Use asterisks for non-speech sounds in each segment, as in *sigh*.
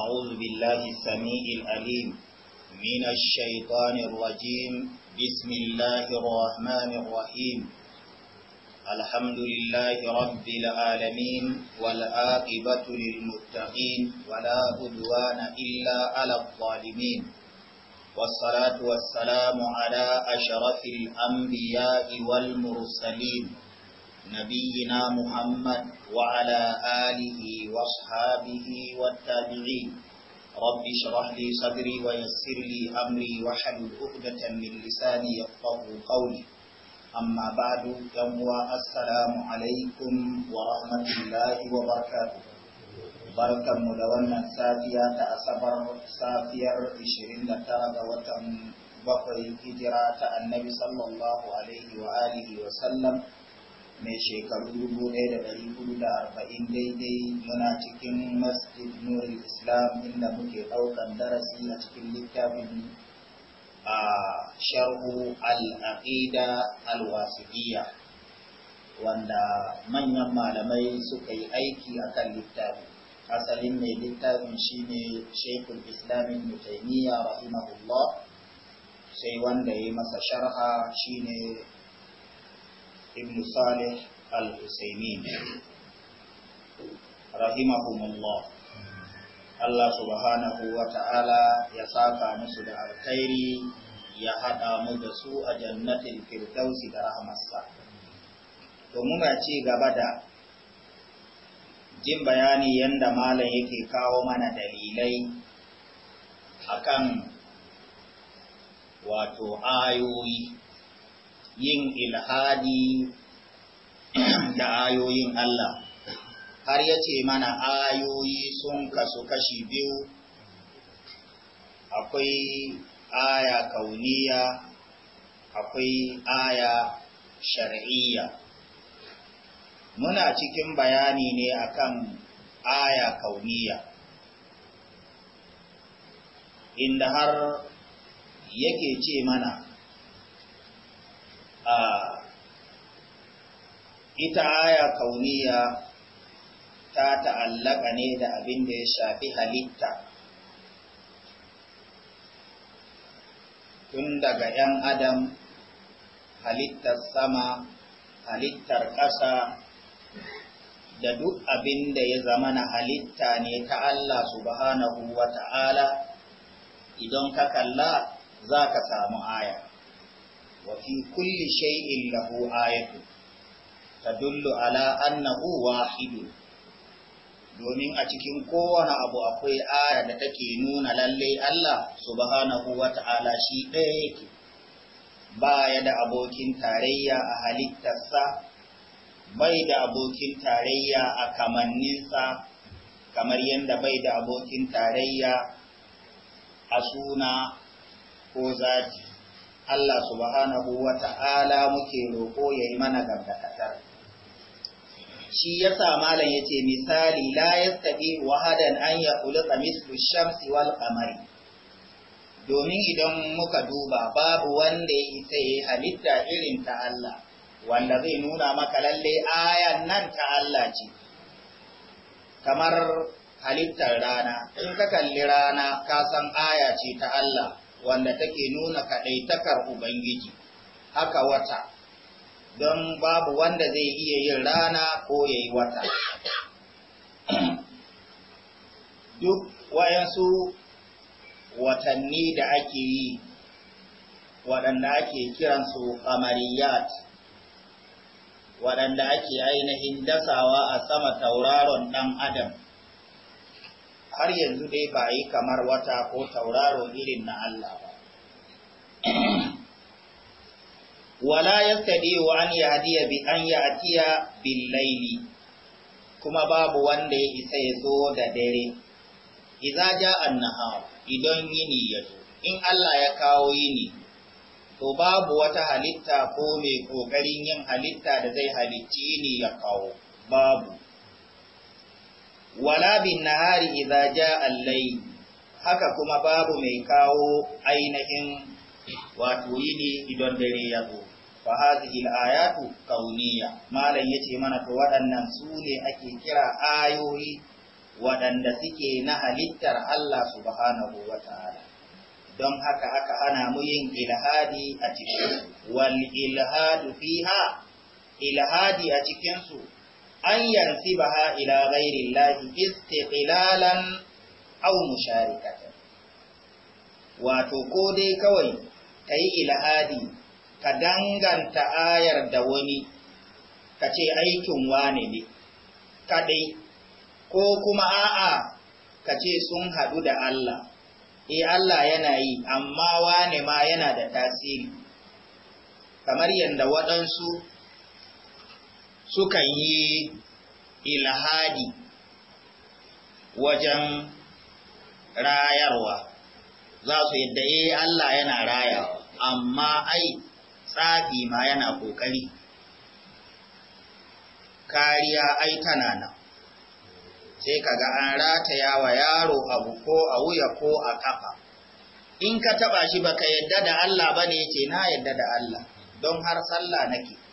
أعوذ بالله السميع الأليم من الشيطان الرجيم بسم الله الرحمن الرحيم الحمد لله رب العالمين والعاقبة للمتقين ولا عدوان إلا على الظالمين والصلاة والسلام على أشرف الأنبياء والمرسلين نبينا محمد وعلى آله وصحابه والتابعين رب اشرح لي صدري ويسر لي أمري وحل أقدة من لساني يفقه قولي أما بعد يموى السلام عليكم ورحمة الله وبركاته بركة مدونة سافية تأسبر سافية عشرين لتارد وتنبقى الهجرات النبي صلى الله عليه وآله وسلم mai shekaru arba'in daidai yana cikin masjid nurul islam inda muke ɗaukan darasi a cikin littafin a sharhu al-aqida al-wasidiyya wanda manyan malamai suka yi aiki a kan littafin asalin mai littafin shine shekul islamin mutaimiyya rahimahullah sai wanda ya yi masa sharha shine ibn Salih al-Husaymin rahimahumullah Allah subhanahu wa ta'ala ya saka musu da alkhairi ya haɗa mu da su a jannatin firdausi da rahamarsa. To muna ci gaba da jin bayani yadda malam yake kawo mana dalilai akan wato ayoyi yin ilhadi da ayoyin Allah har ya ce mana ayoyi sun kasu kashi biyu akwai aya kauniya akwai aya shar'iyya muna cikin bayani ne akan aya kauniya inda har yake ce mana ita aya kauniya ta ta'allaka ne da abin da ya shafi halitta tun daga ‘yan adam halittar sama halittar ƙasa da duk abin da ya zama na halitta ne ta Allah subhanahu wa ta'ala idan ka kalla za ka samu aya wa fi kulli shay'in lahu ayatu tadullu ala annahu domin a cikin kowane abu akwai aya da take nuna lallai Allah subhanahu wa ta'ala shi ɗaya yake, ba ya da abokin tarayya a halittarsa, bai da abokin tarayya a kamanninsa, kamar yadda bai da abokin tarayya a suna ko zaji. Allah subhanahu wa ta'ala muke roƙo ya yi mana gargakatar. Shi ya sa malam ya ce misali la ya taɓi wahadan an ya kulutsa mislu shamsi wal kamari. Domin idan muka duba babu wanda ya isa ya halitta irin ta Allah, wanda zai nuna maka lalle ayan nan ta Allah ce. Kamar halittar rana, in ka kalli rana ka san aya ce ta Allah. wanda take nuna kaɗaitakar Ubangiji, haka wata, don babu wanda zai iya yin rana ko ya yi wata. *clears throat* Duk wayansu watanni da ake yi, waɗanda ake kiransu kamariyat, waɗanda ake ainihin dasawa a sama tauraron ɗan Adam. har yanzu dai ba yi kamar wata ko tauraro irin na Allah ba. *clears throat* Wala ya wa an yi hadiya bi an yi atiya billaili, kuma babu wanda ya isa ya zo da dare, iza ja annahar idan yini ya zo, in Allah ya kawo yini, to babu wata halitta ko mai ƙoƙarin yin halitta da zai halicci yini ya kawo, babu. wala bin nahari idza jaa al-layl haka kuma babu mai kawo ainihin wato yini idan dare ya zo fa hadhihi al-ayatu kauniyya malan yace mana to waɗannan su ne ake kira ayoyi waɗanda suke na halittar Allah subhanahu wataala don haka aka ana mu yin ilhadi a cikin wal ilhadu fiha ilhadi a cikinsu an yansi ila ghairi Allah istiqlalan aw musharikatan wato ko dai kawai kai ilhadi ka danganta ayar da wani ka ce aikin wane ne kadai ko kuma a'a ka ce sun hadu da Allah eh Allah yana yi amma wane ma yana da tasiri kamar yadda waɗansu sukan yi ilhadi wajen rayarwa za su yadda eh Allah yana rayawa amma ai tsafi ma yana kokari kariya ai tana nan sai kaga an rataya wa yaro abu ko a wuya ko a kafa in ka taba shi baka yadda da Allah bane ce na yadda da Allah don har sallah nake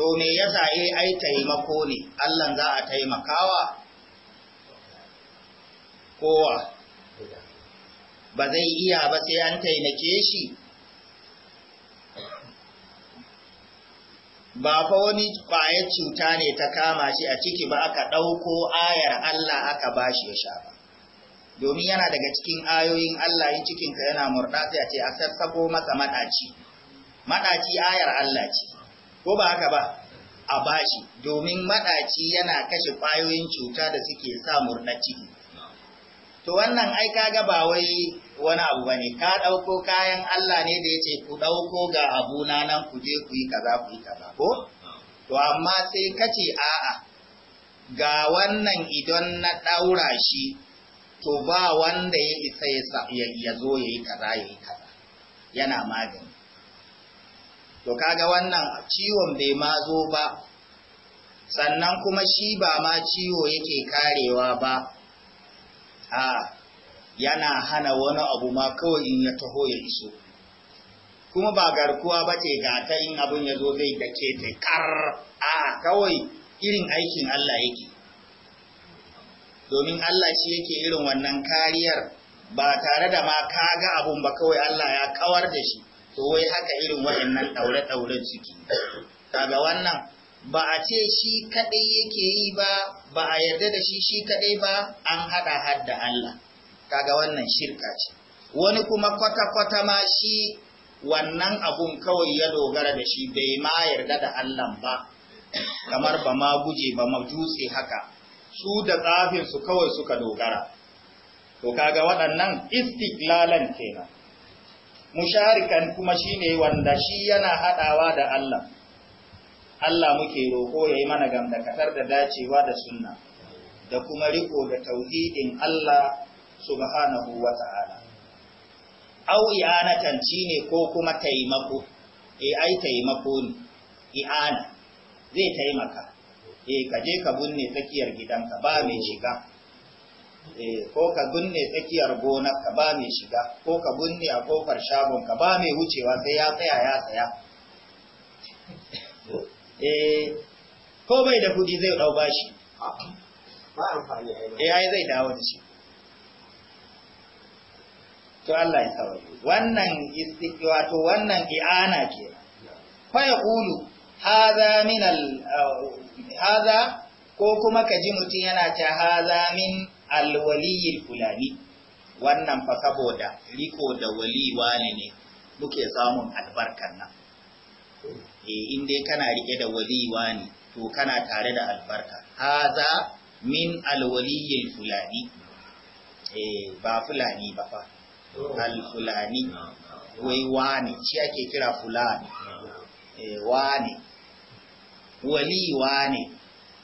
to me yasa eh ai taimako ne Allah za a taimakawa kowa ba zai iya ba sai an taimake shi ba fa wani ƙwayar cuta ne ta kama shi a ciki ba aka ɗauko ayar Allah aka ba shi ya sha domin yana daga cikin ayoyin Allah yin cikinka yana murɗa sai a ce a sassako masa maɗaci maɗaci ayar Allah ce ko ba haka ba a bashi domin maɗaci yana kashe ƙwayoyin cuta da suke sa murna ciki to wannan ai kaga ba wai wani abu bane ka ɗauko kayan Allah ne da yace ku ɗauko ga abuna nan ku je ku yi kaza ku yi kaza ko to amma sai kace a'a ga wannan idan na ɗaura shi to ba wanda ya isa ya zo ya kaza ya yi kaza yana magani to kaga wannan ciwon bai ma zo ba sannan kuma shi ba ma ciwo yake karewa ba a yana hana wani abu ma kawai in ya taho ya iso kuma ba garkuwa ba ce ga ta in abin ya zo zai dake ta kar a kawai irin aikin Allah yake domin Allah shi yake irin wannan kariyar ba tare da ma kaga abun ba kawai Allah ya kawar da shi to wai haka irin wa'annan ɗaure-ɗauren suke kaga wannan ba a ce shi kaɗai yake yi ba ba a yarda da shi shi kaɗai ba an haɗa da Allah kaga wannan shirka ce wani kuma kwata-kwata ma shi wannan abun kawai ya dogara da shi bai ma yarda da Allah ba kamar ba ma guje ba ma jutse haka su da su kawai suka dogara to kaga waɗannan istiklalan kenan musharikan kuma shine wanda shi yana hadawa da Allah Allah muke roko yayi mana gamdakatar da dacewa da sunna da kuma riko da tauhidin Allah subhanahu ta'ala au i'anatan shine ko kuma taimako eh ai taimako ne i'ana zai taimaka eh ka je ka bunne tsakiyar gidanka ba mai shiga Eh, ko ka binne tsakiyar gonar ka ba mai shiga ko ka binne a kofar shagon ka ba mai wucewa sai ya tsaya ya tsaya *laughs* eh, ko bai da kudi zai dau bashi eh ai zai dawo da shi to Allah ya saurari wannan istiqwa wato wannan i'ana ke fa yaqulu hadha min al eh, hadha ko kuma kaji mutun yana ta hadha min alwaliyil fulani wannan fa saboda riko da wali wani ne muke samun albarkar nan eh in dai kana rike da wali wani to kana tare da albarka haza min alwaliyil fulani eh ba fulani ba fa alfulani wai wani shi ake kira fulani eh wani wali wani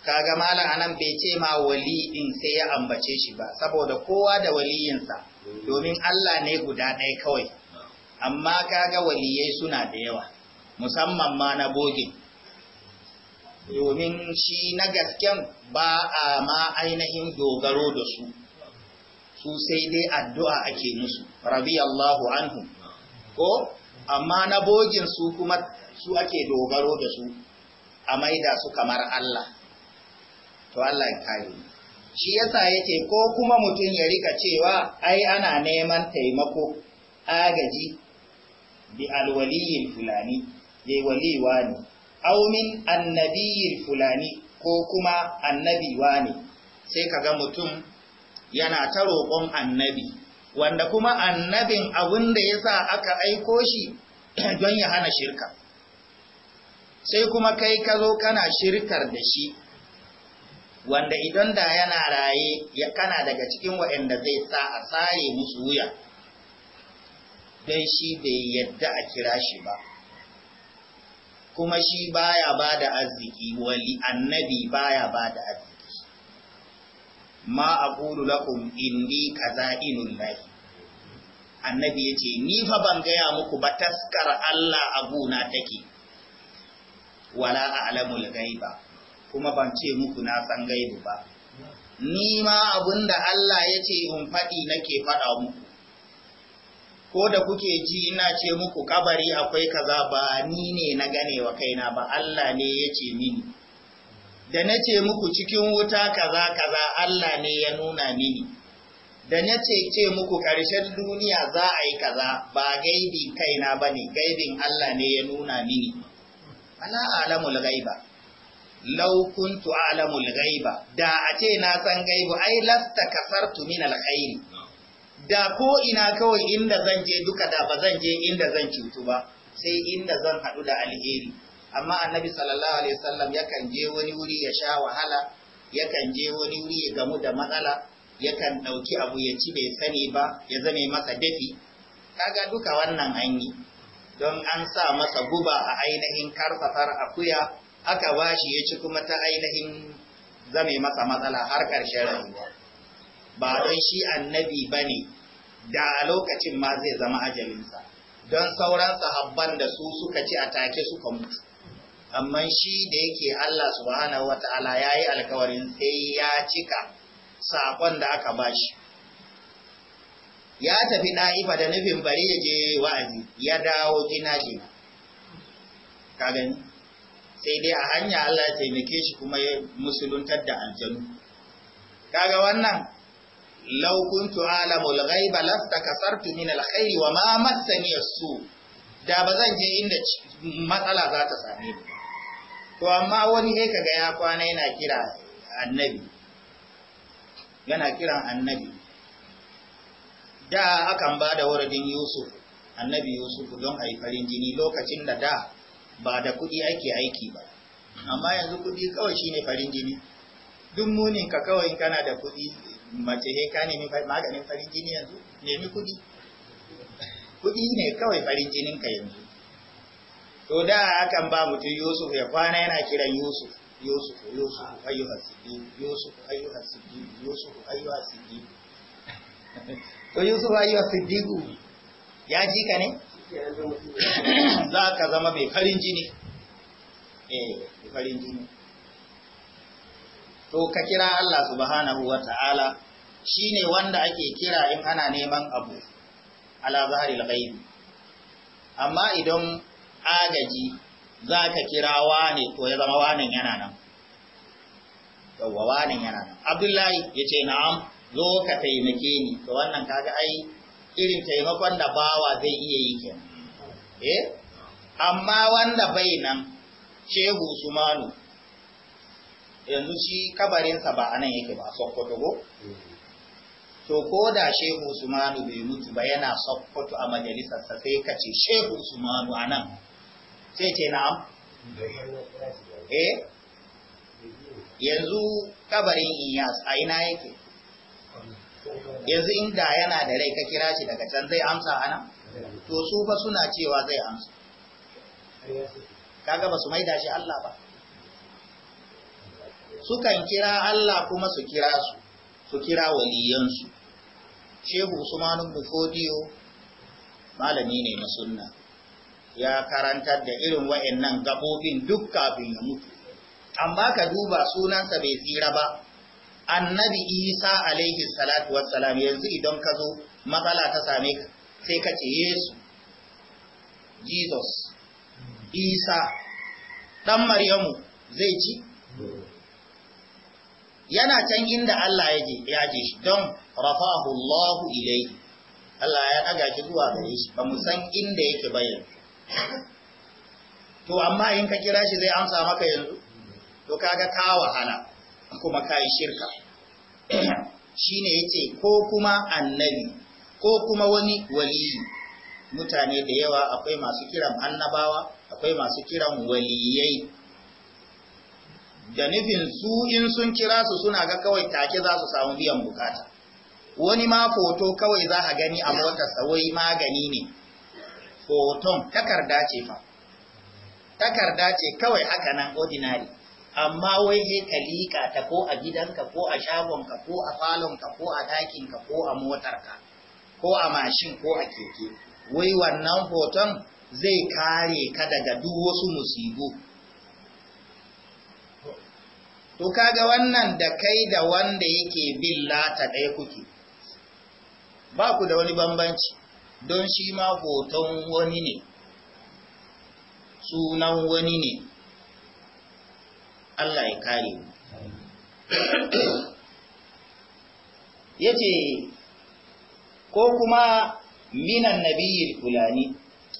kaga malam anan bai ce ma wali'in sai ya ambace shi ba saboda kowa da waliyinsa domin Allah ne guda ɗaya kawai amma kaga waliyai suna da yawa musamman ma na bogin domin shi na gasken ba a ma ainihin dogaro da su su sai dai addu'a ake musu radiyallahu anhu ko amma na bogin su kuma su ake dogaro da su a maida su kamar Allah to Allah ya kare shi yasa yake ko kuma mutum ya rika cewa ai ana neman taimako agaji bi alwaliyin fulani yayi waliwa ne aw min annabiyin fulani ko kuma annabiwa ne sai kaga mutum yana ta roƙon annabi wanda kuma annabin abin da ya aka aiko shi *clears throat* don ya hana shirka sai kuma kai ka zo kana shirkar da shi wanda idan da yana raye ya kana daga cikin waɗanda zai sa a tsaye musu wuya don shi bai yadda a kira shi ba kuma shi baya ba da arziki wali annabi baya ba da arziki ma a ƙuru lakum indi kaza inun lahi annabi ya ce ni fa ban gaya muku ba taskar Allah a gona take wala a alamul gaiba kuma ban ce muku na san gaibu ba ni ma abinda Allah ya ce in faɗi nake faɗa muku ko da kuke ji ina ce muku kabari akwai kaza ba ni ne na gane wa kaina ba Allah ne ya ce mini da na ce muku cikin wuta kaza kaza Allah ne ya nuna mini da na ce ce muku ƙarshen duniya za a yi kaza ba gaibin kaina ba ne gaibin Allah ne ya nuna mini ana alamul gaiba law kuntu a'lamu da a ce na san gaibu ai lasta kasartu min alkhairi. da ko ina kawai inda zan je duka da ba zan je inda zan cutu ba sai inda zan hadu da alheri amma annabi sallallahu alaihi wasallam yakan je wani wuri ya sha wahala yakan je wani wuri ya gamu da matsala yakan ɗauki abu ya ci bai sani ba ya zame masa dafi kaga duka wannan hanyi. don an sa masa guba a ainihin karfafar akuya aka shi ya ci kuma ta ainihin zame masa matsala har ƙarshen rayuwa ba don shi annabi ba ne da a lokacin ma zai zama ajalinsa don sauran sahabban da su suka ci a take suka mutu amma shi da yake Allah subhanahu wata'ala ya yi alkawarin sai ya cika saƙon da aka bashi ya tafi na'ifa da nufin bari ya je wa'azi ya dawo gina gina ka gani sai dai a hanya Allah ya taimake shi kuma ya musuluntar da aljanu kaga wannan law kuntu alamu al-ghaiba lastakasartu min al-khair wa ma massani as-su da bazan je inda matsala za ta same ni to amma wani sai kaga ya kwana yana kira annabi yana kiran annabi da akan ba da waradin Yusuf annabi Yusuf don a yi farin jini lokacin da da ba da kuɗi ake aiki ba amma yanzu kuɗi kawai shine farin jini duk munin ka kawai kana da kuɗi mace he ka nemi maganin farin jini yanzu nemi kuɗi kuɗi ne kawai farin jinin ka yanzu to da akan ba mutum Yusuf ya kwana yana kiran Yusuf Yusuf Yusuf ayyuhas siddiq Yusuf ayyuhas siddiq Yusuf ayyuhas siddiq *laughs* to Yusuf ayyuhas siddiq ya ji ka ne za ka zama mai farin jini eh farin jini to ka kira Allah subhanahu wa ta'ala shine wanda ake kira in ana neman abu ala zaharil ghaibi amma idan agaji za ka kira wane to ya zama wanen yana nan yawwa wanen yana nan abdullahi ya ce na'am zo ka taimake ni to wannan kaga ai irin taimakon da bawa zai iya yi ke eh amma wanda bai nan shehu sumanu yanzu shi kabarinsa ba anan yake ba sokoto go to ko da shehu sumanu bai mutu ba yana sokoto a majalisar sa, sai ka ce shehu sumanu anan sai ce na'am eh yanzu kabarin iyas a ina yake yanzu inda yana da rai ka kira shi daga can zai amsa ana to su fa suna cewa zai amsa kaga ba su maida shi Allah ba sukan kira Allah kuma su kira su su kira waliyansu shehu usman bufodiyo malami ne na sunna ya karantar da irin wa'annan gabobin duk kafin ya mutu amma ka duba sunansa bai tsira ba annabi isa alaihi salatu wassalam yanzu idan ka zo matsala ta same ka sai ka ce yesu jesus isa ɗan maryamu zai ci yana can inda allah ya je shi don rafahu allahu ilaihi allah ya daga shi zuwa gare shi ba mu san inda yake bayan. to amma in ka kira shi zai amsa maka yanzu to kaga ka wahala kuma ka yi shirka *clears throat* shine yace ko kuma annabi ko kuma wani waliyi mutane da yawa akwai masu kiran annabawa akwai masu kiran waliyai da nufin su in sun kira su suna ga kawai take za su samu biyan bukata wani ma foto kawai za a gani a motarsa wai magani ne foton takarda ce fa takarda ce kawai haka nan ordinary amma wai sai ka liƙa ta ko a gidanka ko a shagonka ko a falonka ko a dakinka ko a motarka ko a mashin ko a keke wai wannan hoton zai kare ka daga duk wasu musibu to kaga wannan da kai da wanda yake bin lata ɗaya kuke ba ku da wani bambanci don shi ma hoton wani ne sunan wani ne Allah ya kare mu yace ko kuma minan nabiyil fulani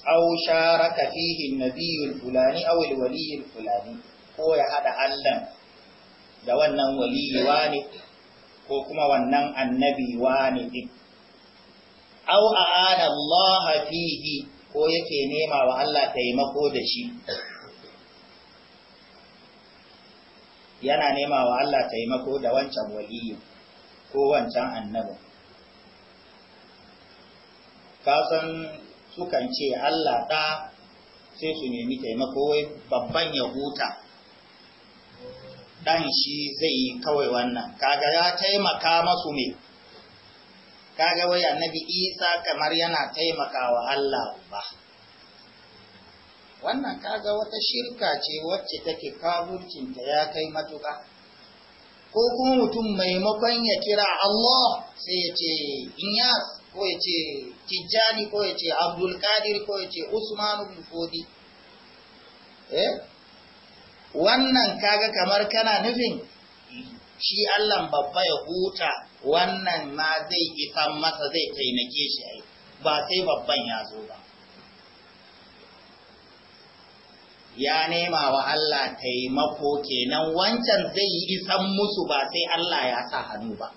aw sharaka fihi nabiyul fulani aw waliyul fulani ko ya hada Allah da wannan waliyi wani ko kuma wannan annabi wani Au aw aana Allah fihi ko yake nema wa Allah taimako da shi yana nema wa Allah taimako da wancan waliyu ko wancan annabin kasan sukan ce Allah ɗa sai su nemi taimako wai babban ya huta ɗan shi zai yi kawai wannan kaga ya taimaka masu ne kaga wai annabi isa kamar yana taimaka wa Allah ba wannan kaga wata shirka ce wacce take kafurcinta ya kai matuƙa ko kuma mutum maimakon ya kira Allah sai ya ce Inyas ko ya ce Tijjani ko ya ce Abdulkadir ko ya ce Usman bin eh wannan kaga kamar kana nufin shi Allah babba ya huta wannan ma zai isan masa zai taimake shi ba sai babban ya zo ba ya nema wa Allah taimako kenan wancan zai yi isan musu ba sai Allah ya sa hannu ba.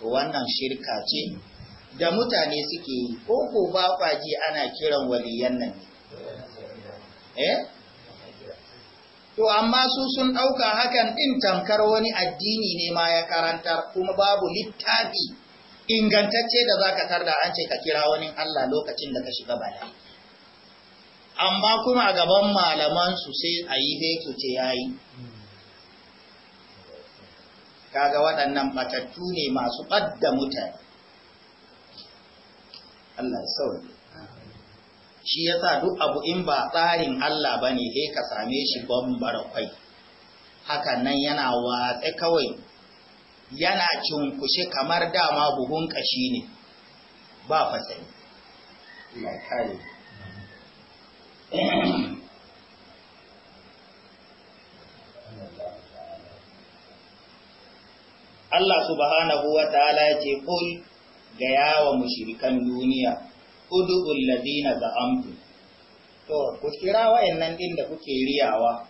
To wannan shirka ce da mutane suke yi, ko ko ba ji ana kiran waliyan nan Eh? To amma su sun ɗauka hakan ɗin tamkar wani addini ne ma ya karanta kuma babu littafi ingantacce da za ka tarda an ce ka kira wani Allah lokacin da ka shiga bala. amma kuma a gaban malamansu sai a yi fetu ce ya yi kaga waɗannan batattu ne masu ɓadda mutane Allah ya sauri shi ya sa duk abu in ba tsarin Allah ba ne sai ka same shi bambar kwai hakan nan yana watsa kawai yana cunkushe kamar dama buhun ƙashi ne ba fasani. Allah ya kare Allah subhanahu wa ta'ala ce kul ga yawa mushirikan duniya, udu'ul ladina za'amtu. To, ku kira wa'yannan ɗin da kuke riyawa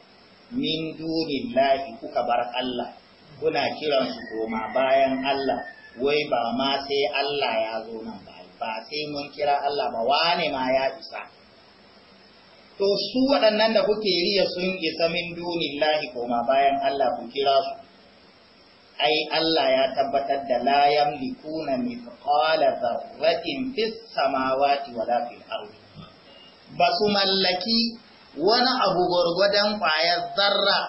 min dunin lahi kuka bar Allah, kuna kiransu koma bayan Allah, wai ba ma sai Allah ya zo nan ba, ba sai mun kira Allah ba wane ma ya isa. to su waɗannan da kuke riya sun isa min dunin lahi koma bayan Allah ku kira su ai Allah ya tabbatar da layan likuna mithqala dharratin fis samawati wala fil ardi ba su mallaki wani abu gwargwadon ƙwayar zarra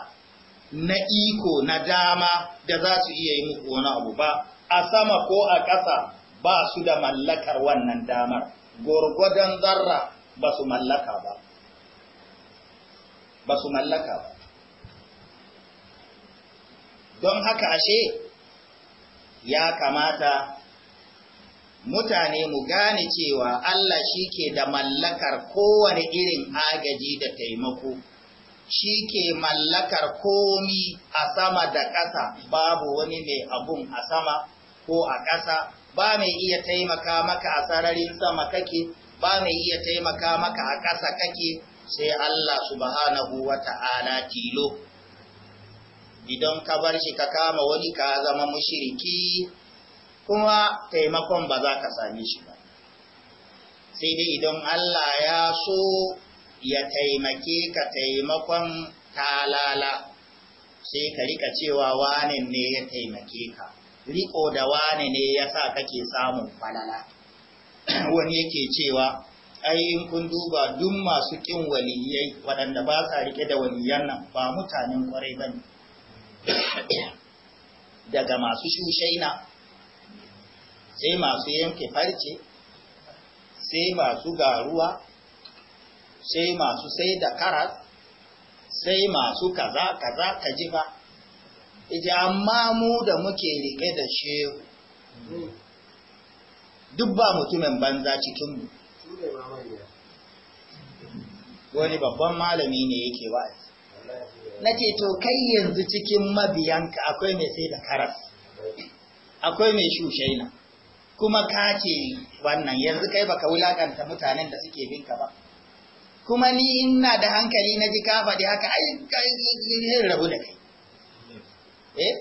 na iko na dama da za su iya yi muku wani abu ba a sama ko a ƙasa ba su da mallakar wannan damar gwargwadon zarra ba su mallaka ba ba su mallaka ba don haka ashe ya kamata mutane mu gane cewa Allah shi ke da mallakar kowane irin agaji da taimako shi ke mallakar komi a sama da ƙasa babu wani mai abun a sama ko a ƙasa ba mai iya taimaka maka a sararin sama kake ba mai iya taimaka maka a ƙasa kake sai Allah subhanahu wa ta'ala tilo idan ka bar shi ka kama wani ka zama mushiriki kuma taimakon ba za ka same shi ba sai dai idan Allah ya so ya taimake ka taimakon talala sai ka rika cewa wane ne ya taimake ka riko da wane ne ya sa kake samun falala *clears throat* wani yake cewa ai in kun duba duk masu kin waliyai waɗanda ba sa rike da waliyan nan ba mutanen kwarai ba ne *coughs* daga masu shushaina sai masu yanke farce sai masu garuwa sai masu sai da karas sai masu kaza kaza ka ji ba ije amma mu da muke rike da shehu duk ba mutumin banza cikinmu wani babban malami ne yake wa'azi na ce to kai yanzu cikin mabiyanka akwai mai sai da karas akwai mai shushaina kuma ka ce wannan yanzu kai baka wulakanta mutanen da suke binka ba kuma ni ina da hankali na ji ka faɗi haka ai rabu da kai eh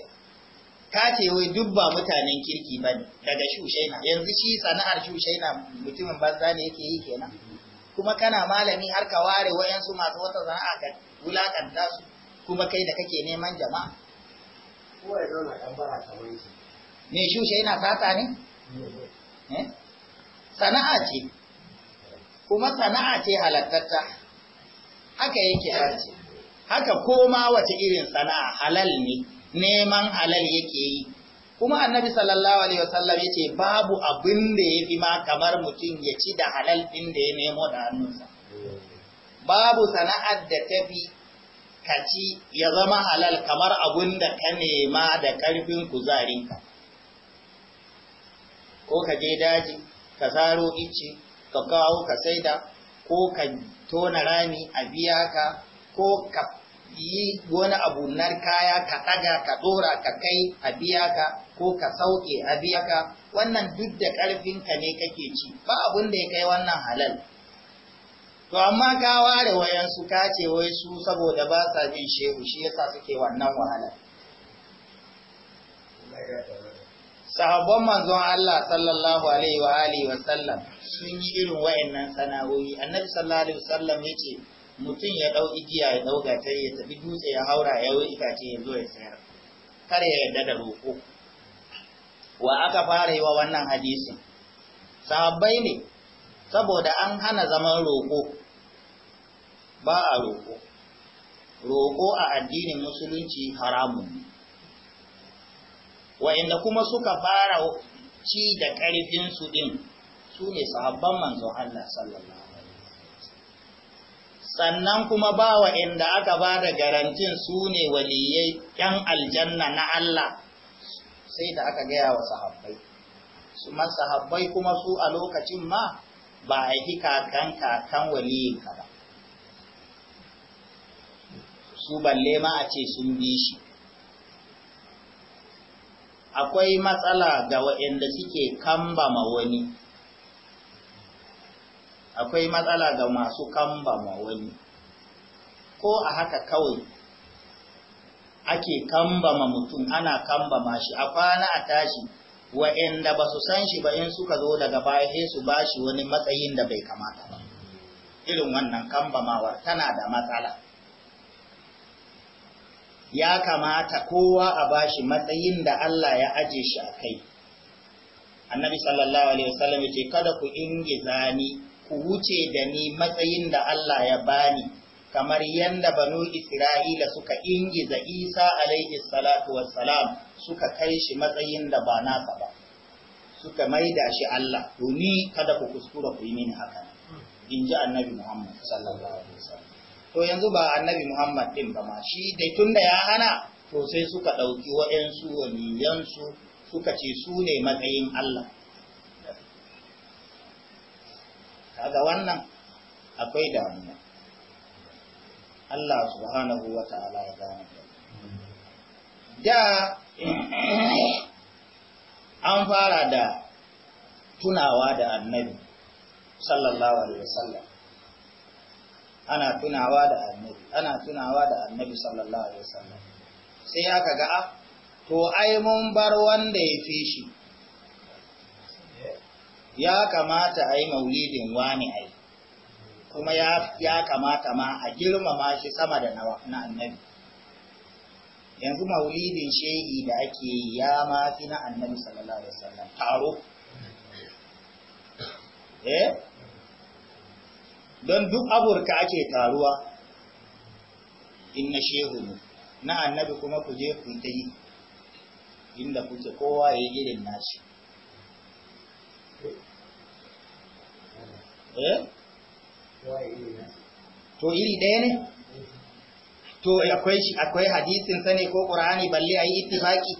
ka ce wai duk ba mutanen kirki ba ne daga shushaina yanzu shi sana'ar shushaina mutumin banza ne yake yi kenan kuma kana malami har ka ware wayansu masu wata sana'a ka wulakanta su kuma kai da kake neman jama'a kowa ya zauna dan bara kamar shi me shushe yana sata ne eh? sana'a ce kuma sana'a ce halattatta haka yake harce haka koma wace irin sana'a halal ne neman halal yake yi kuma annabi sallallahu alaihi wasallam yace babu abin da yafi ma kamar mutum ya ci da halal din da ya nemo da hannunsa babu sana'ar da tafi kaci ya zama halal kamar abin da ka nema da karfin kuzarinka ko ka je daji ka saro ice ka kawo ka saida ko ka tona rami a biya ka ko ka yi wani abu nar kaya ka ɗaga ka ɗora ka kai a biya ka ko ka sauke a biya ka wannan duk da ka ne kake ci ba abun da ya kai wannan halal to amma ka ware wayansu ka ce wai su saboda ba sa jin shehu shi yasa suke wannan wahala sahabban manzon Allah sallallahu alaihi wa alihi wa sallam sun yi irin wayannan sana'o'i annabi sallallahu alaihi wa sallam yace mutum ya ɗau igiya ya ɗauka ta ya tafi dutse ya haura ya yi itace ya zo ya sayar kar ya yarda da roƙo wa aka fara yi wa wannan hadisi sahabbai ne saboda an hana zaman roƙo ba a roƙo roƙo a addinin musulunci haramun ne wa'inda kuma suka fara ci da ƙarfinsu ɗin su ne sahabban manzon Allah sallallahu sannan kuma ba wa inda aka ba da garantin su ne waliyai ‘yan aljanna na Allah sai da aka gaya wa sahabbai. Su ma sahabbai kuma su a lokacin ma ba a yi kakan kakan waliyinka ba. Su balle ma a ce sun bi shi. Akwai matsala ga waɗanda suke kambama wani. akwai matsala ga masu kambama wani ko a haka kawai ake kambama mutum ana kambama shi a kwana a tashi wa'anda ba su san shi ba in suka zo daga baya su su bashi wani matsayin da bai kamata ba irin wannan kambamawar tana da matsala ya kamata kowa a bashi matsayin da Allah ya aje shi a kai annabi sallallahu alaihi wasallam ya ce kada ku ingiza ni ku wuce da ni matsayin da Allah ya bani kamar yadda banu Isra'ila suka ingiza Isa alaihi salatu wassalam suka kai shi matsayin da ba nasa ba suka maida shi Allah ni kada ku kuskura ku yi mini haka in ji annabi Muhammad sallallahu alaihi wasallam to yanzu ba annabi Muhammad din ba ma shi dai tunda ya hana to sai suka ɗauki wa'yansu waliyansu suka ce su ne matsayin Allah kaga wannan akwai damuwa Allah subhanahu wa ta'ala ya gane da an fara da tunawa da annabi sallallahu alaihi wasallam ana tunawa da annabi ana tunawa da annabi sallallahu alaihi wasallam sai aka ga ah, to ai mun bar wanda ya fi shi ya kamata a yi maulidin wani ai kuma ya kamata ma a girmama shi sama da na annabi yanzu maulidin shehi da ake yi ya ma fi na annabi sallallahu alaihi wasallam taro eh don duk aburka ake taruwa in na shehu na annabi kuma ku je ku ta yi inda kuke kowa ya yi irin nashi Eh? to iri ɗaya ne to akwai hadisin sani ko ƙur'ani, balle a yi itifaki?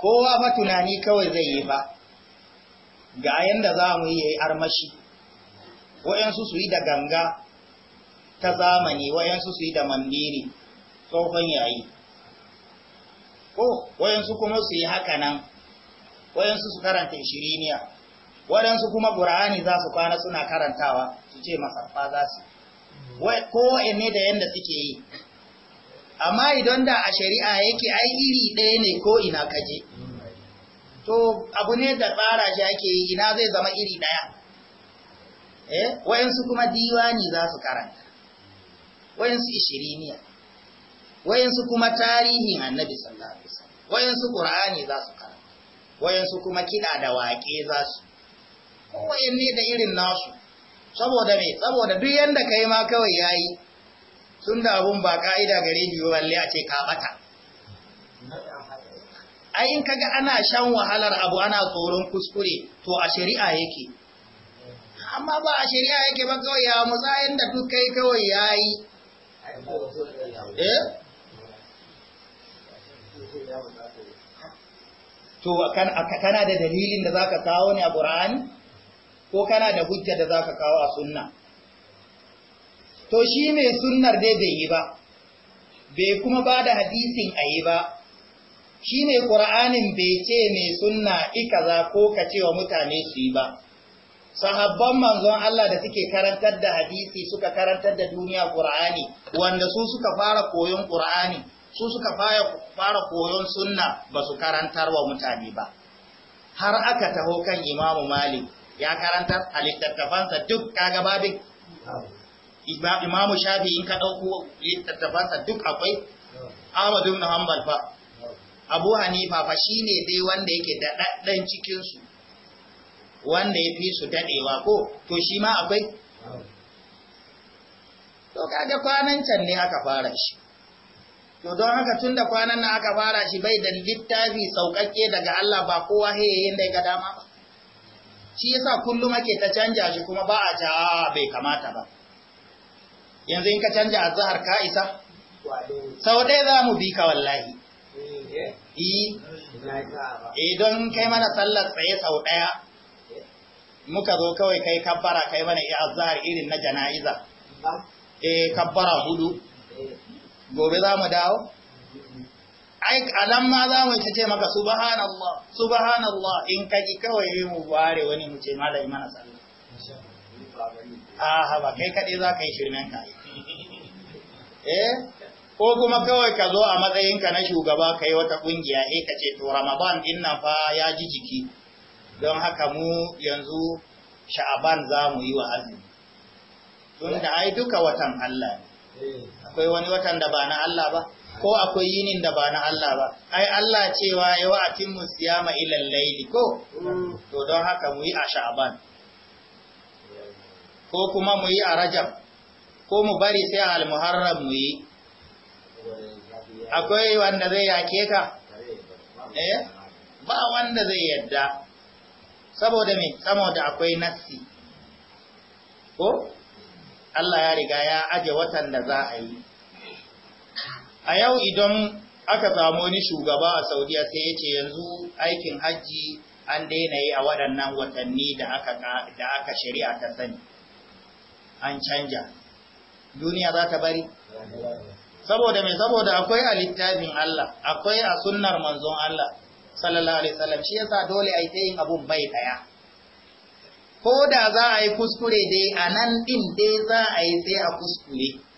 kowa fa tunani kawai zai yi ba ga yanda za mu yi yi armashi wayansu su yi da ganga ta zamani wayansu su yi da mandiri tsohon yayi ko wayansu kuma su yi haka nan wayansu su karanta ishiriniya waɗansu kuma ƙura'ani za su kwana suna karantawa su ce masarfa za su Ko ne da yadda suke yi amma idan da a shari'a yake ai iri ɗaya ne ko ina kaje to abu ne da tsara shi ake yi ina zai zama iri ɗaya eh wayansu kuma diwani za su karanta wayansu ishiriniya wayansu kuma tarihin annabi sallallahu alaihi wasallam wayansu qur'ani za su karanta wayansu kuma kida da waƙe za su ne da irin nasu saboda me saboda duk yadda ka yi ma kawai yayi sun da abun ba ka'ida ga rediyo balle a ce ka bata ayin kaga ana shan wahalar abu ana tsoron kuskure to a shari'a yake amma ba a shari'a yake ba kawai ya musayin da duk kai kawai ya yi? Eh? to kana da dalilin da za ka kawo ne a Ƙura'ani? ko kana da hujja da zaka kawo a sunna to shi mai sunnar dai bai yi ba bai kuma ba da hadisin a yi ba shi mai ƙura'anin bai ce mai sunna za ko ka ce wa mutane su yi ba sahabban manzon Allah da suke karantar da hadisi suka karantar da duniya Qur'ani wanda su suka fara koyon Qur'ani su suka fara koyon sunna ba su karantar wa mutane ba har aka taho kan imamu Malik ya karanta a littattafansa duk kaga babin imamu shafi in ka ɗauko littattafansa duk akwai ahmadu ibn hanbal fa abu hanifa fa shine dai wanda yake da ɗaɗɗan cikinsu wanda ya fi su daɗewa ko to shi ma akwai to kaga kwanan can ne aka fara shi to don haka tun da kwanan nan aka fara shi bai da littafi sauƙaƙe daga Allah ba kowa hayayyen da ya ga dama ba shi yasa kullum ake ta canja shi kuma ba a ta bai kamata ba yanzu in ka canja azhar ka isa sau ɗaya za mu bi ka wallahi eh, eh. eh don kai mana sallar tsaye sau ɗaya muka zo kawai kai kabbara kai mana ya azhar irin na jana'iza eh kabbara hudu eh. gobe za mu dawo mm-hmm. ai alam ma za mu ce maka subhanallah subhanallah in ka ji kawai mu bare wani mu ce malai mana sallah a ba kai kaɗai za ka yi shirmen ka eh ko kuma kawai ka zo a matsayinka na shugaba ka yi wata ƙungiya eh ka ce to ramadan din na fa ya ji jiki don haka mu yanzu sha'aban za mu yi wa azumi Tunda da ai duka watan Allah ne eh. akwai wani watan da ba na Allah ba ko akwai yinin da ba na Allah ba ai Allah cewa ya wa mu siyama ilal laili ko to don haka mu yi a sha'ban ko kuma mu yi a rajab ko mu bari sai a almuharram mu yi akwai wanda zai yake ka eh ba wanda zai yadda saboda me saboda akwai nassi ko Allah ya riga ya aje watan da za a yi a yau idan aka samu wani shugaba a saudiya sai ya ce yanzu aikin hajji an daina yi a waɗannan watanni da aka shari'a ta sani an canja duniya za ta bari saboda mai saboda akwai a littafin Allah akwai a sunnar manzon Allah sallallahu alaihi wasallam shi yasa dole ai yin abun bai daya ko da za a yi kuskure dai a nan din dai za a yi sai a kuskure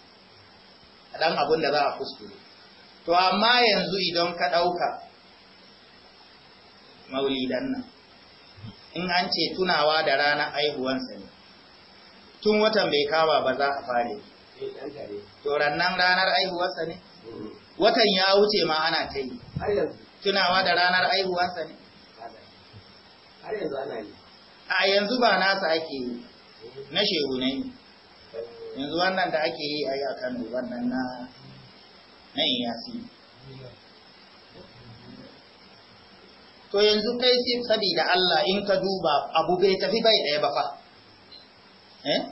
ɗan abin da za a kuskure to amma yanzu idan ka ɗauka maulidan nan in an ce tunawa da ranar aihuwansa ne tun watan bai kama ba za a fare to rannan ranar aihuwarsa ne watan ya wuce ma ana ta yi tunawa da ranar aihuwarsa ne a yanzu ba nasa ake yi na shehu ne yanzu wannan da ake yi a yi a kano wannan na na iyasi to yanzu kai sai sabida Allah in ka duba abu bai tafi bai ɗaya ba fa eh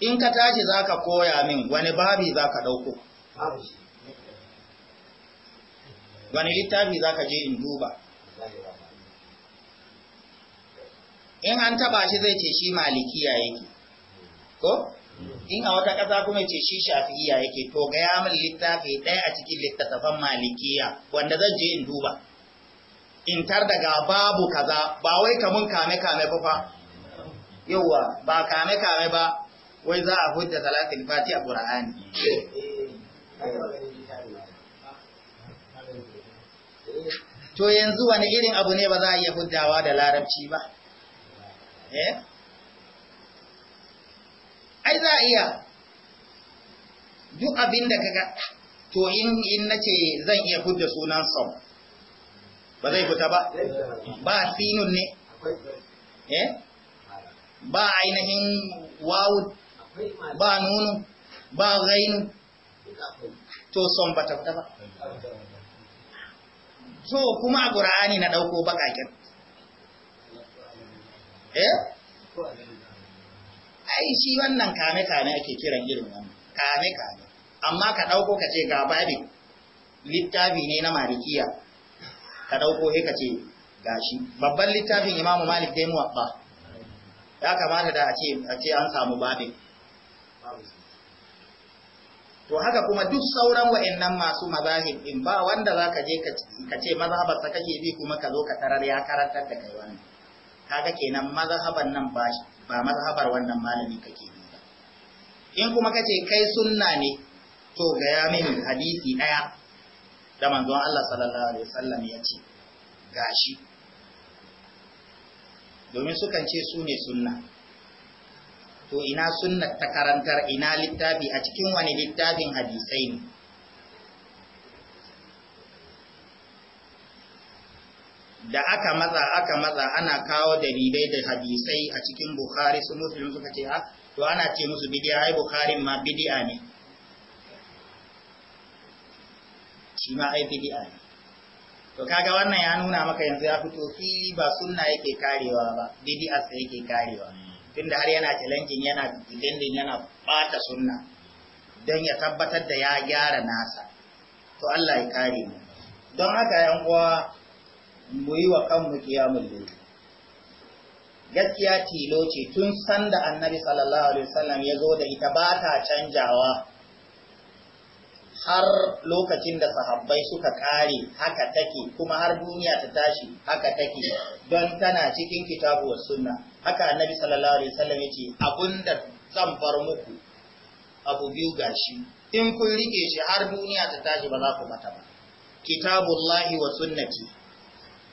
in ka tashi zaka koya min wani babi zaka dauko wani littafi zaka je in duba in an taba shi zai ce shi malikiya yake ko in a wata ƙasa kuma ce shi shafi'iya yake to ga ya min littafi ɗaya a cikin littattafan malikiya wanda zan je in duba in tar daga babu kaza ba wai kamun kame kame ba fa yawa ba kame kame ba wai za a hujja talatin fati a qur'ani to yanzu wani irin abu ne ba za a iya hujjawa da larabci ba eh ai za a iya duk abin da kaga to in in nace zan iya fudda sunan son ba zai fita ba ba sinun ne eh ba ainihin wawu ba nunu ba gainu to son ba ta ba so kuma a qur'ani na dauko bakakin eh ai shi wannan kame kame ake kiran irin wannan kame kame amma ka dauko ka ce ga babin littafi ne na malikiya ka dauko he ka ce gashi babban littafin imamu malik dai muwabba ya kamata da a ce a ce an samu babi to haka kuma duk sauran wa'annan masu mazahib din ba wanda zaka je ka ce mazhabar sa kake bi kuma ka zo ka tarar ya karantar da kai wannan kaga kenan mazhaban nan bashi. ba mazhabar wannan malamin kake bi ba in kuma kace kai sunna ne to gaya mini hadisi daya da manzon Allah sallallahu alaihi wasallam ya ce gashi domin sukan ce su ne sunna to ina sunna ta karantar ina littafi a cikin wani littafin hadisai ne da aka matsa aka matsa ana kawo dalilai da hadisai a cikin bukhari su muslim suka ce ah, to ana ce musu bidi'a ai bukhari ma bidi'a ne shi ma ai bidi'a ne to kaga wannan ya nuna maka yanzu ya fito fi ba sunna yake karewa ba bidiya sai yake karewa tunda har yana challenging yana defending yana bata sunna don ya tabbatar da ya gyara nasa to Allah ya kare mu don haka yan uwa mu yi wa kanmu kiyamun lili gaskiya tilo ce tun sanda annabi sallallahu alaihi wasallam ya zo da ita ba ta canjawa har lokacin da sahabbai suka kare haka take kuma har duniya ta tashi haka take don tana cikin kitabu wa sunna haka annabi sallallahu alaihi wasallam yace abunda zan bar muku abu biyu gashi in kun rike shi har duniya ta tashi ba za ku mata ba kitabullahi wa sunnati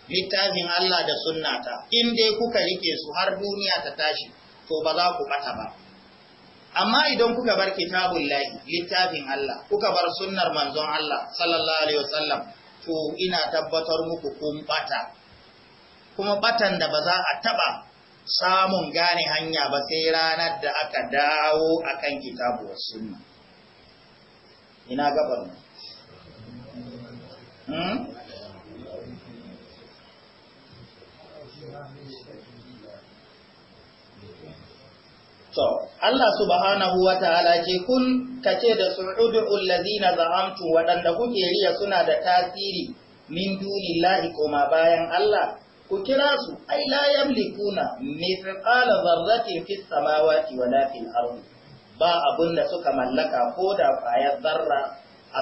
littafin Allah da sunnata in dai kuka rike su har duniya ta tashi to ba za ku bata ba amma idan kuka bar kitabullahi littafin Allah kuka bar sunnar manzon Allah sallallahu alaihi wasallam to ina tabbatar muku kun bata kuma batan da ba za a taba samun gane hanya ba sai ranar da aka dawo akan kitabu was sunna ina gaban So, Allah subhanahu wa ta'ala ce kun kace da su ud'ul ladina zahamtu waɗanda kuke riya suna da tasiri min dunillahi koma bayan Allah ku kira su ai la yamlikuna mithqala dharratin fis samawati wala fil ardi ba abun da suka mallaka ko da kwayar zarra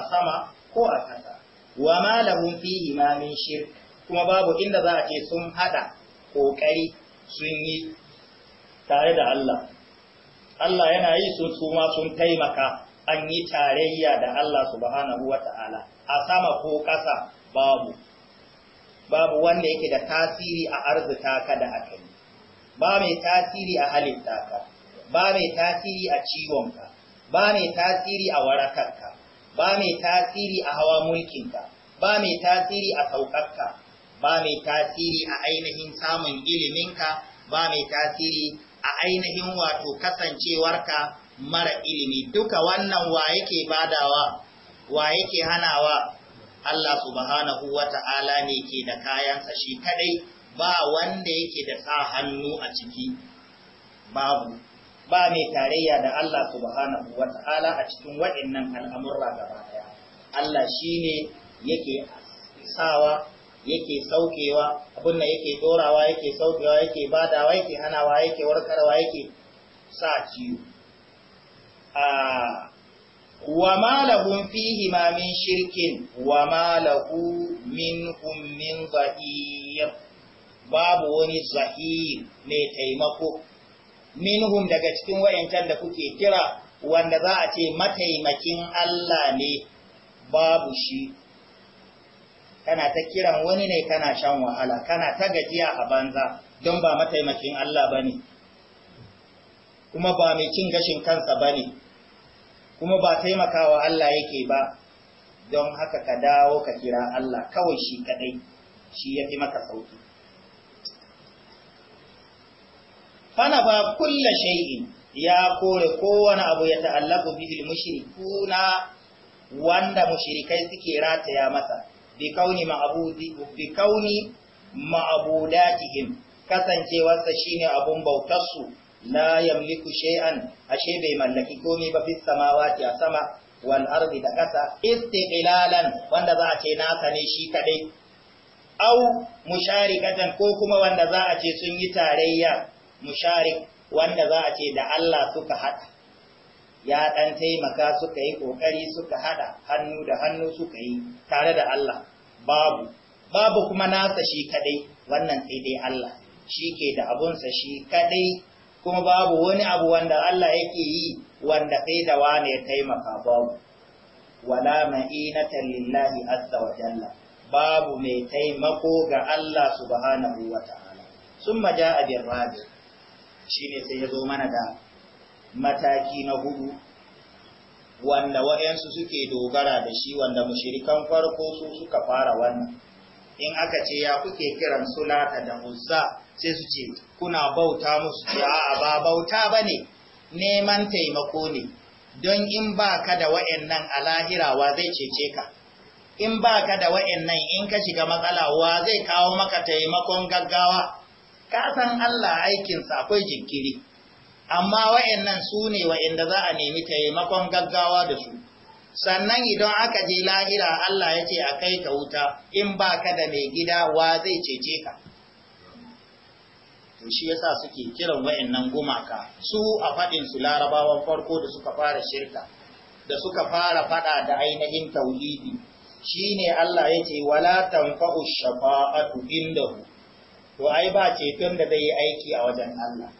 a sama ko a ƙasa wa ma lahum fihi ma min shirk kuma babu inda za a ce sun hada kokari sun yi tare da Allah Allah yana yi su ma sun taimaka an yi tarayya da Allah subhanahu wa ta'ala a sama ko ƙasa babu babu wanda yake da tasiri a arzika ka da aka yi ba mai tasiri a halittaka taka, ba mai tasiri a ciwonka ba mai tasiri a warakarka ba mai tasiri a hawa mulkinka ba mai tasiri a saukarka ba mai tasiri a ainihin samun iliminka ba mai tasiri a ainihin wato kasancewarka mara ilimi duka wannan wa yake badawa wa yake hanawa Allah subhanahu wa ta'ala ne ke da kayansa shi kadai ba wanda yake da sa hannu a ciki babu ba mai tarayya da Allah subhanahu wa ta'ala a cikin waɗannan al'amurra gaba ɗaya Allah shi ne yake sawa yake saukewa abin nan yake dorawa yake saukewa yake badawa yake hanawa yake warkarwa yake sa ciwo wa ma lahum fihi ma min shirkin wa ma lahu minhum min zahir babu wani zahir mai taimako minhum daga cikin wayancan da kuke kira wanda za a ce mataimakin Allah ne babu shi kana ta kiran wani ne kana shan wahala kana ta gajiya a banza don ba mataimakin Allah bane kuma ba mai cin gashin kansa bane kuma ba taimakawa Allah yake ba don haka ka dawo ka kira Allah kawai shi kadai shi ya fi maka sauki fana ba kulla shay'in ya kore kowane abu ya ta'allaku bihil mushrikuna wanda mushrikai suke rataya masa Bikauni kauni ma'budi ma'budatihim kasancewarsa shine abun bautarsu la yamliku shay'an ashe bai mallaki komai ba fis samawati a sama wal ardi da kasa istiqlalan wanda za a ce nasa ne shi kadai au musharikatan ko kuma wanda za a ce sun yi tarayya musharik wanda za a ce da Allah suka haɗa ya ɗan taimaka suka yi ƙoƙari suka haɗa hannu da hannu suka yi tare da Allah babu babu kuma nasa shi kaɗai wannan sai dai Allah shi ke da abunsa shi kaɗai kuma babu wani abu wanda Allah yake yi wanda sai da wane ya taimaka babu wala ma'inatan lillahi azza wa jalla babu mai taimako ga Allah subhanahu wa ta'ala Sun ja'a bir rabi shine sai ya zo mana da mataki na hudu wanda wa'yansu suke dogara da shi wanda mushirikan farko su suka fara wannan in aka ce ya kuke kiran sulata da uzza sai su ce kuna bauta musu ce a'a ba bauta ba ne neman taimako ne don in ba ka da wa'yannan a wa zai cece ka in ba ka da wa'yannan in ka shiga matsala wa zai kawo maka taimakon gaggawa ka san Allah aikinsa akwai jinkiri amma wa'annan su ne wa'anda za a nemi taimakon gaggawa da su sannan idan aka je lahira Allah ya ce a kai ka wuta in ba ka da mai gida wa zai cece ka to shi yasa suke kiran wa'annan gumaka su a faɗin su larabawan farko da suka fara shirka da suka fara faɗa da ainihin tauhidi shine Allah ya ce wala tanfa'u shafa'atu indahu to ai ba ceton da zai yi aiki a wajen Allah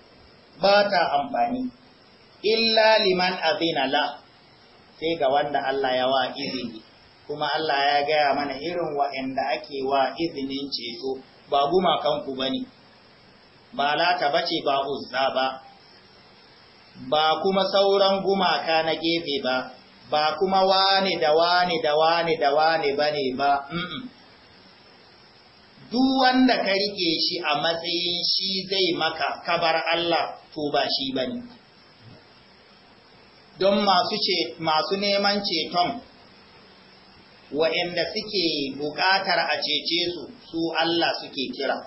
ba ta amfani illa liman azina la sai ga wanda Allah ya wa izini kuma Allah ya gaya mana irin wa'anda ake wa izinin ceto ba gumakanku ba ne ba lata bace ba uzza ba ba kuma sauran gumaka na gefe ba ba kuma wane da wane da wane da wane ba ne ba duk wanda ka rike shi a matsayin shi zai maka kabar Allah to ba shi ba Don masu neman ceton wa'yanda suke buƙatar a cece su, su Allah suke kira.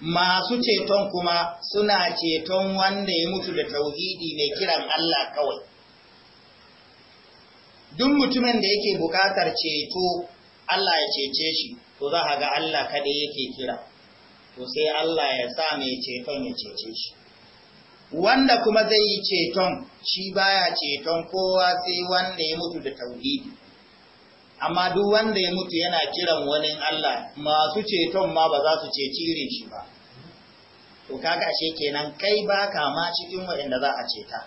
Masu ceton kuma suna ceton wanda ya mutu da tauhidi mai kiran Allah kawai. Duk mutumin da yake buƙatar ceto, Allah ya cece shi. to za ka ga Allah kaɗai yake kira to sai Allah ya sa mai ceton ya cece shi wanda kuma zai yi ceton shi baya ceton kowa sai wanda ya mutu da tauhidi amma duk wanda ya mutu yana kiran wani Allah masu ceton ma ba za su ceci irin shi ba to kaga ashe kenan kai baka ma cikin waɗanda za a ceta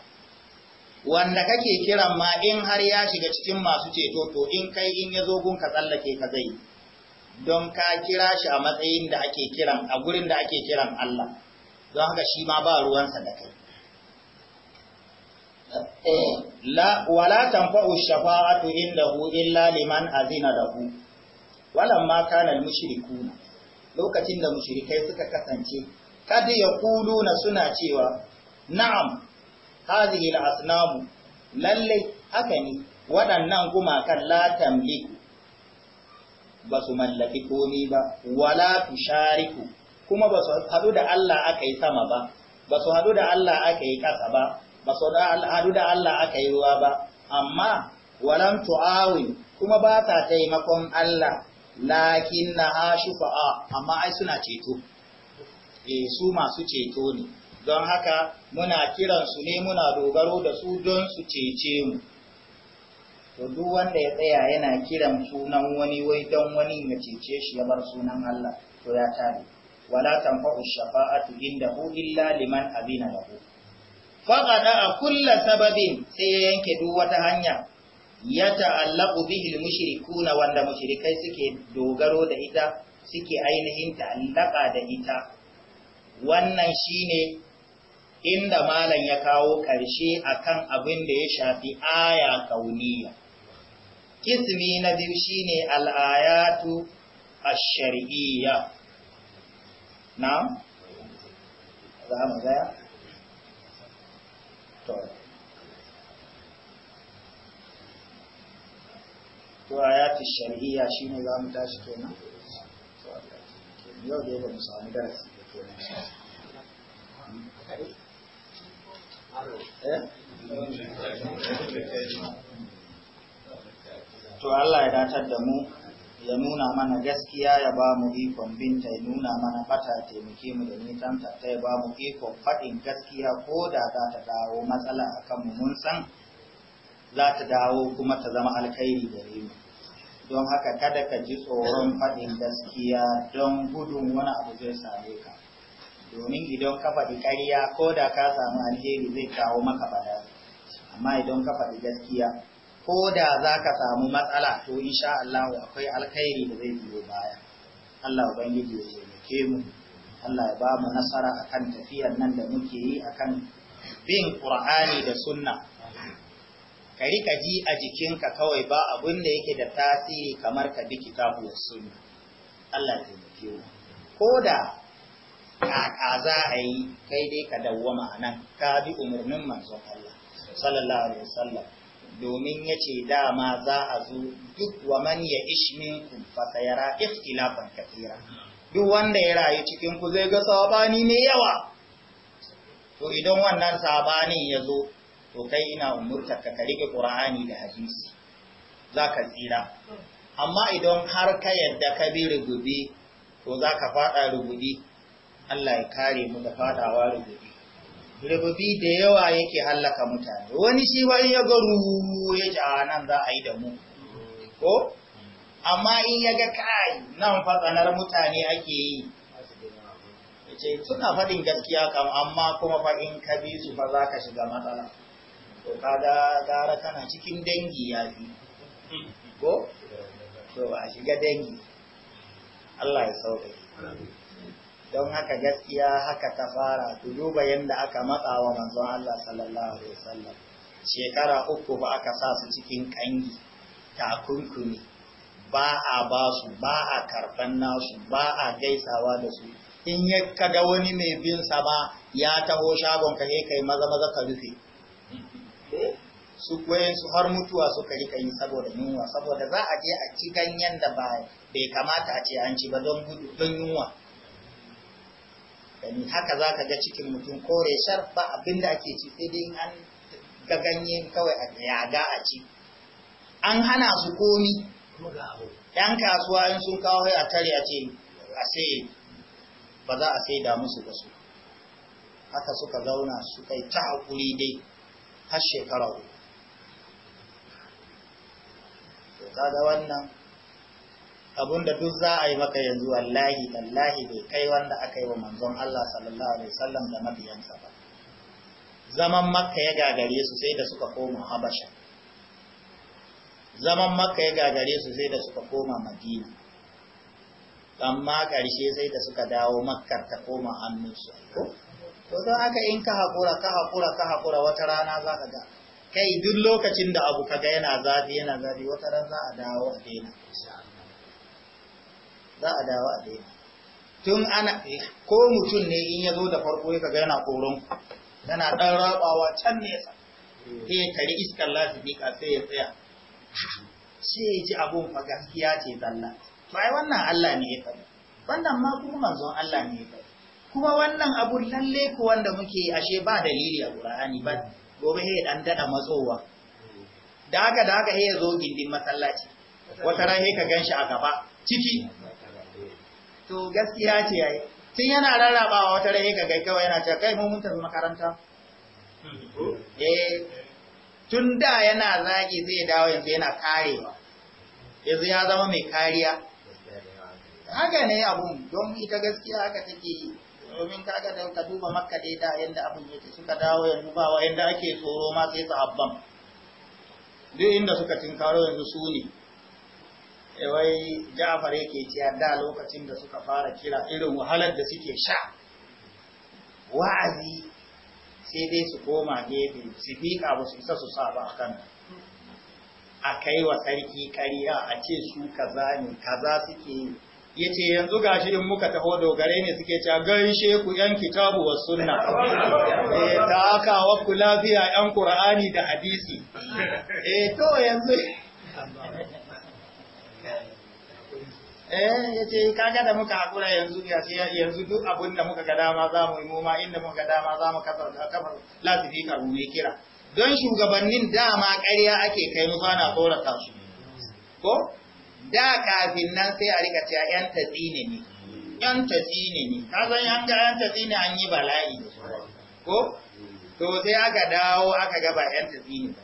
wanda kake kiran ma in har ya shiga cikin masu ceto to in kai in ya zo gunka tsallake ka zai yi. don ka kira shi a matsayin da ake kiran a gurin da ake kiran Allah don haka shi ma ba ruwansa da kai eh, la wala tanfa'u shafa'atu indahu illa liman azina lahu ma kana al-mushrikuna lokacin da mushrikai suka kasance kad yaquluna suna cewa na'am hadhihi al-asnamu lalle haka ne waɗannan gumakan la tamliku ba su mallaki komi ba wala tushariku kuma ba su hadu da Allah aka yi sama ba ba su hadu da Allah aka yi ƙasa ba ba su hadu da Allah aka yi ruwa ba amma walam tu'awin kuma ba ta taimakon Allah lakin na ha amma ai suna ceto e su masu ceto ne don haka muna kiransu ne muna dogaro da su don su cece mu to duk wanda ya tsaya yana kiran sunan wani wai don wani ya cece shi ya bar sunan Allah to ya tare wala tanfa'u shafa'atu indahu illa liman abina lahu faqada a kullu sababin sai ya yanke duk wata hanya ya ta'allaqu bihi al-mushrikuna wanda mushrikai suke dogaro da ita suke ainihin ta'allaka da ita wannan shine inda malam ya kawo ƙarshe akan abin da ya shafi aya kauniya kismi na biyu shine al'ayatu a shariyya na za mu to to ayatu shar'iyya shine za mu tashi kenan yau dai ba mu samu darasi da eh to Allah ya datar da mu ya nuna mana gaskiya ya ba mu ikon binta ya nuna mana fata taimake mu da nitanta ta ya ba mu ikon faɗin gaskiya ko da za ta dawo matsala akan mu mun san za ta dawo kuma ta zama alkhairi gare mu don haka kada ka ji tsoron faɗin gaskiya don gudun wani abu zai same ka domin idan ka faɗi ƙarya ko da ka samu alheri zai kawo maka bada amma idan ka faɗi gaskiya ko da za ka samu matsala to insha Allah akwai alkhairi da zai biyo baya Allah ubangiji ya taimake mu Allah ya ba mu nasara akan tafiyar nan da muke yi akan bin Qur'ani da sunna ka rika ji a jikinka kawai ba abin da yake da tasiri kamar ka bi kitabu da sunna Allah ya taimake mu ko da kaka za a yi kai dai ka dawwama a nan. ka bi umarnin manzon Allah sallallahu alaihi wasallam domin ya ce dama za a zo duk wa man ya ishminku fasayara ikhtilafan kathira duk wanda ya rayu cikin ku zai ga sabani mai yawa to idan wannan sabanin ya zo to kai ina umurta ka rike qur'ani da hadisi zaka tsira amma idan har ka yadda ka bi rububi to zaka fada rububi Allah ya kare mu da faɗawa rububi rububi da yawa yake hallaka mutane wani shi ba in ya ga ruhu ya ji a ah, nan za a yi da mu ko amma in ya ga kai nan fatsanar mutane ake yi ce suna faɗin gaskiya kam amma kuma faɗin ka bi su fa za ka shiga matsala to kada gara kana cikin dangi ya fi ko to a shiga dangi Allah ya sauƙaƙe don haka gaskiya haka ta fara ku duba yadda aka matsa wa manzon Allah sallallahu alaihi wasallam shekara uku ba aka sa su cikin kangi takunkumi ba a ba su ba a karban nasu ba a gaisawa da su in ya kaga wani mai bin sa ba ya taho shagon ka kai maza maza ka rufe su su har mutuwa suka kai yi saboda yunwa saboda za a je a ci ganyen da bai kamata a ce an ci ba don gudu don yunwa gani haka za ka ga cikin mutum kore shar ba abin da ake ci sai dai an ga ganye kawai a yaga a ci an hana su komi yan kasuwa in sun kawo a tare a ce a sai ba za a sai da musu ba su haka suka zauna su kai ta hakuri dai har shekara uku kaga wannan abinda duk za a yi maka yanzu wallahi wallahi bai kai wanda aka yi wa manzon Allah sallallahu alaihi wasallam da mabiyansa ba zaman makka ya gagare su sai da suka koma habasha zaman makka ya gagare su sai da suka koma madina amma ƙarshe sai da suka dawo Makka ta koma hannunsu to don haka in ka haƙura ka haƙura ka haƙura wata rana za ka ga kai duk lokacin da abu ka ga yana zafi yana zafi wata rana za a dawo a daina za a dawo a daina tun ana ko mutum ne in ya zo da farko ya kaga yana koron yana ɗan rabawa can nesa sai ya tari iskar ka sai ya tsaya sai ya ji abun fa gaskiya ce zalla ai wannan Allah ne ya faɗi wannan ma kuma manzon Allah ne ya faɗi kuma wannan abu lalle ku wanda muke ashe ba dalili a Qur'ani ba gobe sai dan dada matsowa da haka da haka sai ya zo gindin masallaci wata ran sai ka ganshi a gaba ciki to gaskiya ce yayi tun yana rarrabawa wata rai ga kawai yana cewa kai mu mun tafi makaranta hmm. eh tun da yana zagi zai dawo yanzu yana karewa yanzu ya zama mai kariya haka ne abun don ita gaskiya haka take yi domin kaga da ka duba makka dai da yanda abun yake suka dawo yanzu ba wa yanda ake tsoro ma sai sahabban duk inda suka tinkaro yanzu su ne Eh, wai Ja'far yake ciya da lokacin da suka fara kira irin wahalar da suke sha wa'azi sai dai su koma gefe su fiƙa ba su isa su sa ba a kan a kai wa sarki kariya a ce su kaza ne kaza suke ya ce yanzu gashi in muka taho dogare ne suke cewa gaishe ku yan kitabu wa sunna *laughs* eh ta aka lafiya yan kur'ani da hadisi eh to yanzu eh ya ce kaga da muka haƙura yanzu yanzu duk abin da muka ga dama za mu yi ma, inda muka ga dama za mu kasar da kafar mu mai kira don shugabannin dama ƙarya ake kai musu ana tsorata su ko da kafin nan sai a rika cewa yan tatsine ne yan tatsine ne ka san yan ga yan ne, an yi bala'i ko to sai aka dawo aka ga ba yan ne. ba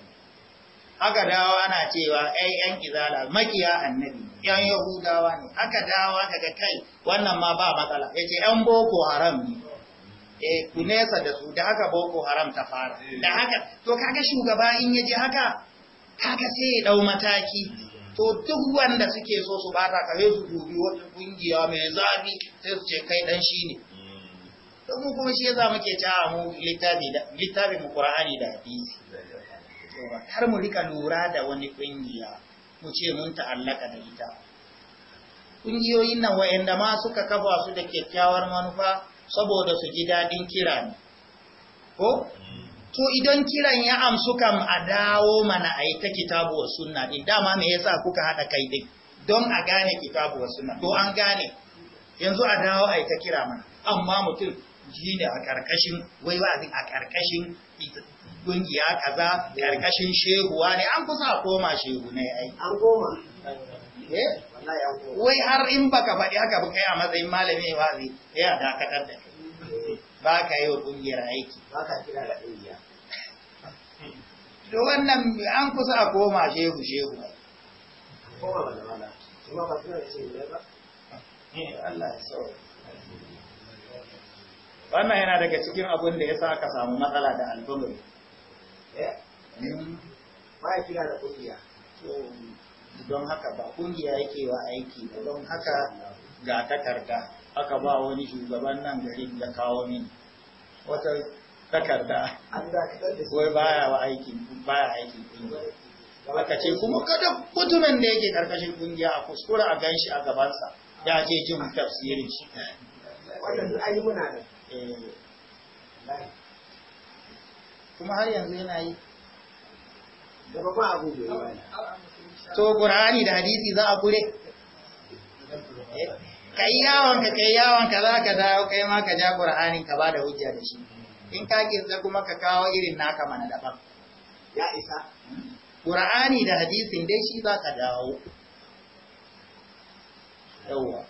aka dawo ana cewa ai yan izala makiya annabi yan yahudawa ne aka dawo aka kai wannan ma ba matsala yace yan boko haram ne eh ku nesa da su da haka boko haram ta fara da haka to kaga shugaba in yaje haka kaga sai ya dau mataki to duk wanda suke so su bata kare su dubi wata kungiya mai zafi sai su ce kai dan shi ne to kuma shi yasa muke ta mu littafi da littafin Qur'ani da hadisi kyau ba mu rika lura da wani kungiya mu ce mun ta'allaka da ita kungiyoyin nan wa'anda ma suka kafa su da kyakkyawar manufa saboda su ji dadin kira ne ko hmm. to idan kiran ya amsu kam a dawo mana a yi ta kitabu wa sunna din dama me yasa kuka haɗa kai din don a gane kitabu wa sunna to an gane yanzu a dawo a yi ta kira mana amma mutum ji ne a ƙarƙashin wai wa'azin a ƙarƙashin kungiya kaza karkashin shehuwa ne an kusa koma shehu ne ai eh? an koma wai har in baka faɗi haka ba kai a matsayin malami wazi ya dakatar da kai ba ka yi wa kungiyar aiki ba ka kira da kungiya to wannan an kusa a koma shehu shehu ne koma ba da mala kuma ba kira da shehu ne ba eh. Allah ya sauka wannan yana daga cikin abin da ya sa ka samu matsala da albumin Eh, ba ya kira da kungiya don haka ba kungiya yake wa aiki ba don haka ga takarda aka ba wani shugaban nan garin da kawo mini wata takarda wai baya wa aiki baya aikin kungiya aka ce kuma kada mutumin da yake karkashin kungiya a kuskura a ganshi a gabansa ya je jin tafsirin shi wannan duk ayi muna da eh kuma har yanzu yana yi da babban abu da yawa to qur'ani da hadisi za a kure eh, kai yawon ka kai yawon ka za ka dawo kai ma ka ja qur'anin ka bada hujja da shi in ka kirza kuma ka kawo irin naka mana daban ya isa qur'ani da hadisin dai shi za ka dawo yawwa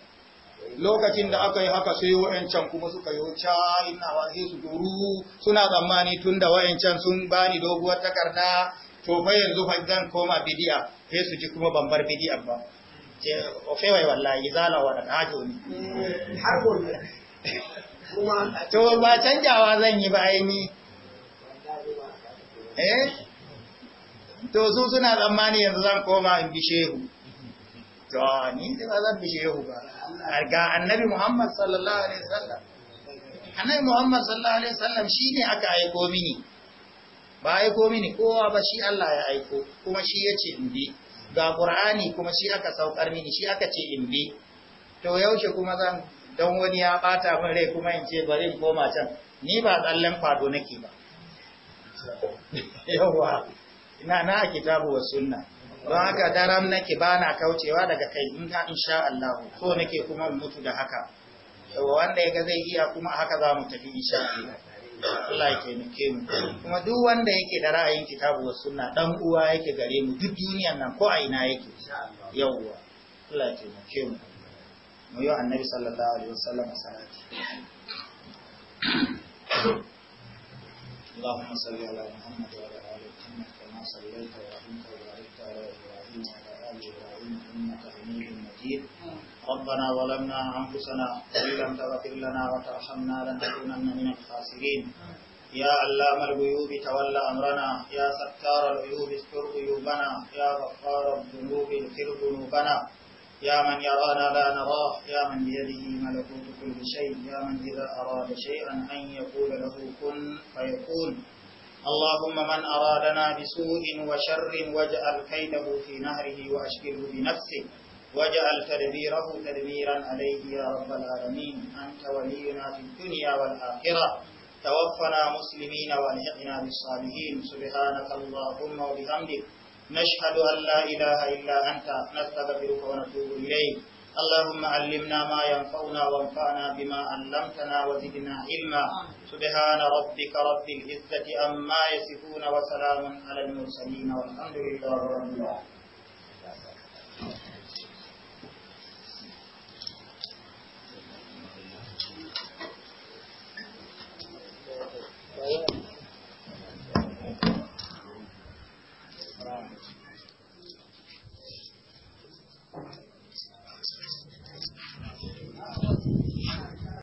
lokacin da aka yi haka sai wa'yancan kuma suka yi wuce ina wahe su duru suna tsammani tun da wa'yancan sun bani doguwar takarda to fa yanzu fa zan koma bidiya sai su ji kuma ban bar bidiya ba ofewai wallahi zala wa da hajo ne eh, har gobe kuma to ba canjawa zan yi ba ni eh to su suna tsammani yanzu zan koma in bi shehu to ni da ba zan bishe yau ba ga annabi Muhammad sallallahu alaihi wasallam annabi Muhammad sallallahu alaihi wasallam shine aka aiko mini ba aiko mini kowa ba shi Allah ya aiko kuma shi yace in bi ga Qur'ani kuma shi aka saukar mini shi aka ce in bi to yaushe kuma zan dan wani ya bata min rai kuma in ce bari in koma can ni ba tsallen fado nake ba yawa ina na kitabu wa sunna don haka daram nake ba na kaucewa daga kai in ta insha Allah ko nake kuma mutu da haka wanda ya ga zai iya kuma haka za mu tafi insha Allah Allah ya nake mu kuma duk wanda yake da ra'ayin kitabu wa sunna dan uwa yake gare mu duk duniyan nan ko a ina yake yawa Allah ya nake mu mu yi annabi sallallahu alaihi wasallam salati اللهم صل على محمد وعلى ال محمد كما صليت وبارك وباركت على ابراهيم وعلى ال ابراهيم انك حميد مجيد ربنا ظلمنا انفسنا وان لم تغفر لنا وترحمنا لنكونن من الخاسرين يا علام الغيوب تولى امرنا يا ستار العيوب استر عيوبنا يا غفار الذنوب اغفر ذنوبنا يا من يرانا لا نراه يا من بيده ملكوت كل شيء يا من إذا أراد شيئا أن يقول له كن فيكون اللهم من أرادنا بسوء وشر واجعل كيده في نهره وأشكله بنفسه واجعل تدبيره تدبيرا عليه يا رب العالمين أنت ولينا في الدنيا والآخرة توفنا مسلمين والحقنا بالصالحين سبحانك اللهم وبحمدك نشهد أن لا إله إلا أنت نستغفرك ونتوب إليك اللهم علمنا ما ينفعنا وانفعنا بما علمتنا وزدنا علما سبحان ربك رب العزة أما يصفون وسلام على المرسلين والحمد لله رب العالمين Thank you.